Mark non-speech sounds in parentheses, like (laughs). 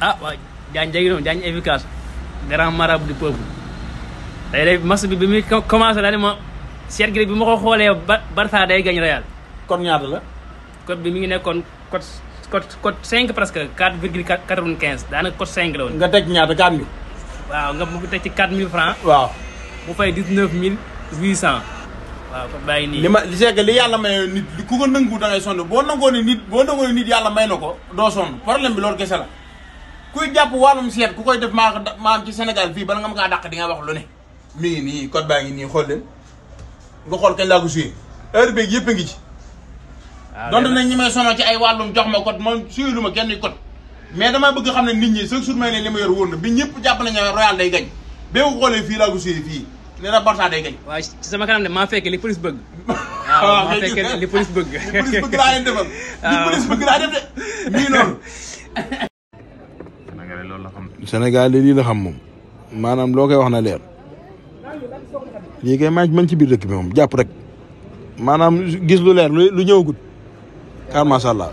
ah jaan jagi noon jaan efficace grand marab du peuple day day match bi bi muy commencé daal ma Cheikh Gueye bi ma ko xoolee Barça day gañ Real kon ñaata la code bi mi ngi nekkoon code code code cinq presque quatre virgule quatre vingt quinze daanaka code cinq la woon nga teg ñaata quatre mille waaw nga mu teg ci quatre mille francs waaw mu fay dix neuf mille huit cent waaw kon bàyyi nii li ma c'est que li yàlla may nit ku ko nangu da ngay sonn boo nangoo nit boo nangoo nit yàlla may na ko doo problème bi loolu kese kuy japp walum seet ku koy def ma ma ci senegal fi bal nga ma dak di nga wax lu ne mi ni code baangi ni xol len nga xol kañ la ko jouer heure beeg yépp ngi ci ah, donte nañ ñi may sono ci ay walum jox ma code man suyuluma kenn code mais dama bëgg xamne nit ñi sax jour may ne lima yor woon bi ñepp japp nañ royal day gañ be ko xolé fi la ko jouer fi ne la barça day gañ wa ci sama kanam ne ma fekk li police bëgg (laughs) ah, ma fekk li police bëgg (laughs) police bëgg la leen (laughs) police bëgg la def de mi non Sénégal lii la xam moom maanaam loo koy wax na leer lii kay maa ngi ci biir dëkk bi moom jàpp rek maanaam gis lu leer lu ñëwagut. macha allah.